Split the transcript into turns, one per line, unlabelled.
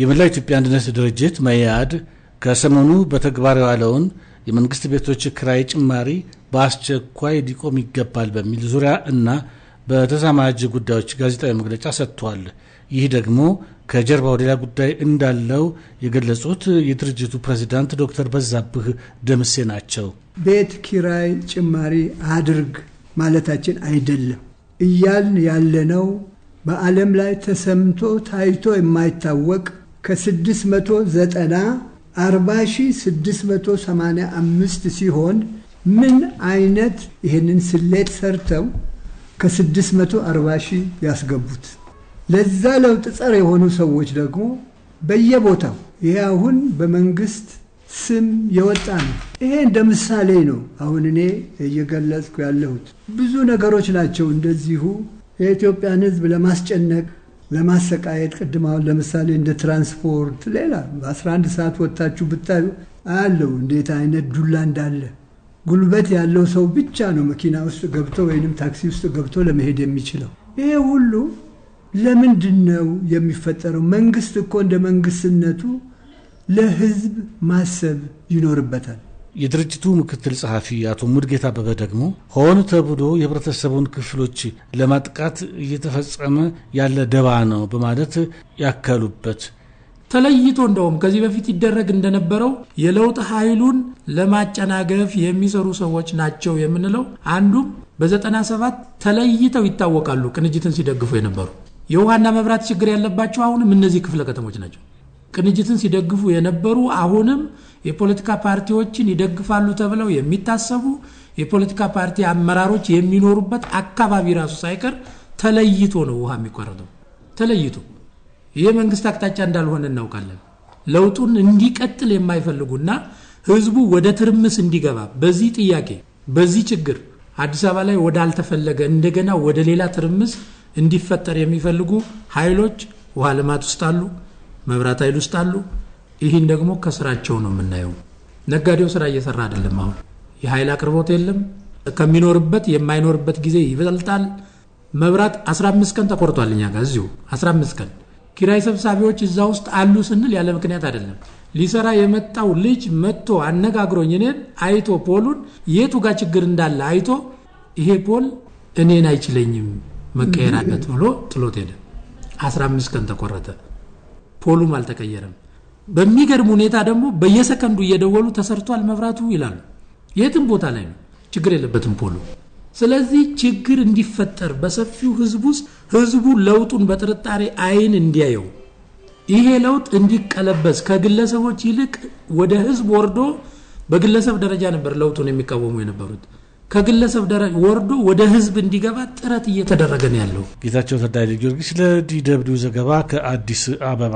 የመላው ኢትዮጵያ አንድነት ድርጅት መያድ ከሰሞኑ በተግባር የዋለውን የመንግስት ቤቶች ክራይ ጭማሪ በአስቸኳይ ሊቆም ይገባል በሚል ዙሪያ እና በተዛማጅ ጉዳዮች ጋዜጣዊ መግለጫ ሰጥቷል። ይህ ደግሞ ከጀርባው ሌላ ጉዳይ እንዳለው የገለጹት የድርጅቱ ፕሬዚዳንት ዶክተር በዛብህ ደምሴ ናቸው።
ቤት ኪራይ ጭማሪ አድርግ ማለታችን አይደለም እያልን ያለነው በዓለም ላይ ተሰምቶ ታይቶ የማይታወቅ ከ690 40685 ሲሆን ምን አይነት ይህንን ስሌት ሰርተው ከ640 ሺህ ያስገቡት። ለዛ ለውጥ ጸር የሆኑ ሰዎች ደግሞ በየቦታው ይሄ አሁን በመንግስት ስም የወጣ ነው። ይሄ እንደ ምሳሌ ነው አሁን እኔ እየገለጽኩ ያለሁት። ብዙ ነገሮች ናቸው እንደዚሁ የኢትዮጵያን ሕዝብ ለማስጨነቅ ለማሰቃየት ቅድም አሁን ለምሳሌ እንደ ትራንስፖርት ሌላ በ11 ሰዓት ወጥታችሁ ብታዩ አያለው እንዴት አይነት ዱላ እንዳለ። ጉልበት ያለው ሰው ብቻ ነው መኪና ውስጥ ገብቶ ወይንም ታክሲ ውስጥ ገብቶ ለመሄድ የሚችለው። ይሄ ሁሉ ለምንድን ነው የሚፈጠረው? መንግስት እኮ እንደ መንግስትነቱ ለህዝብ ማሰብ ይኖርበታል።
የድርጅቱ ምክትል ጸሐፊ አቶ ሙድጌታ አበበ ደግሞ ሆን ተብሎ የህብረተሰቡን ክፍሎች ለማጥቃት እየተፈጸመ ያለ ደባ ነው በማለት ያከሉበት
ተለይቶ እንደውም ከዚህ በፊት ይደረግ እንደነበረው የለውጥ ኃይሉን ለማጨናገፍ የሚሰሩ ሰዎች ናቸው የምንለው አንዱም በ97 ተለይተው ይታወቃሉ። ቅንጅትን ሲደግፉ የነበሩ የውሃና መብራት ችግር ያለባቸው አሁንም እነዚህ ክፍለ ከተሞች ናቸው። ቅንጅትን ሲደግፉ የነበሩ አሁንም የፖለቲካ ፓርቲዎችን ይደግፋሉ ተብለው የሚታሰቡ የፖለቲካ ፓርቲ አመራሮች የሚኖሩበት አካባቢ ራሱ ሳይቀር ተለይቶ ነው ውሃ የሚቆረጠው። ተለይቶ ይህ መንግስት አቅጣጫ እንዳልሆነ እናውቃለን። ለውጡን እንዲቀጥል የማይፈልጉና ህዝቡ ወደ ትርምስ እንዲገባ በዚህ ጥያቄ በዚህ ችግር አዲስ አበባ ላይ ወዳልተፈለገ እንደገና ወደ ሌላ ትርምስ እንዲፈጠር የሚፈልጉ ኃይሎች ውሃ ልማት ውስጥ አሉ። መብራት ኃይል ውስጥ አሉ። ይህን ደግሞ ከስራቸው ነው የምናየው። ነጋዴው ስራ እየሰራ አይደለም። አሁን የኃይል አቅርቦት የለም። ከሚኖርበት የማይኖርበት ጊዜ ይበልጣል። መብራት 15 ቀን ተቆርጧል። እኛ ጋር እዚሁ 15 ቀን ኪራይ ሰብሳቢዎች እዛ ውስጥ አሉ ስንል ያለ ምክንያት አይደለም። ሊሰራ የመጣው ልጅ መጥቶ አነጋግሮኝ እኔን አይቶ ፖሉን የቱ ጋር ችግር እንዳለ አይቶ ይሄ ፖል እኔን አይችለኝም መቀየር አለት ብሎ ጥሎት ሄደ። 15 ቀን ተቆረጠ። ፖሉም አልተቀየረም። በሚገርም ሁኔታ ደግሞ በየሰከንዱ እየደወሉ ተሰርቷል መብራቱ ይላሉ። የትም ቦታ ላይ ነው፣ ችግር የለበትም ፖሉ። ስለዚህ ችግር እንዲፈጠር በሰፊው ህዝብ ውስጥ ህዝቡ ለውጡን በጥርጣሬ አይን እንዲያየው ይሄ ለውጥ እንዲቀለበስ ከግለሰቦች ይልቅ ወደ ህዝብ ወርዶ በግለሰብ ደረጃ ነበር ለውጡን የሚቃወሙ የነበሩት። ከግለሰብ ደረጃ ወርዶ ወደ ህዝብ እንዲገባ ጥረት
እየተደረገ ነው ያለው። ጌታቸው ተዳይ ጊዮርጊስ ለዲ ደብልዩ ዘገባ ከአዲስ አበባ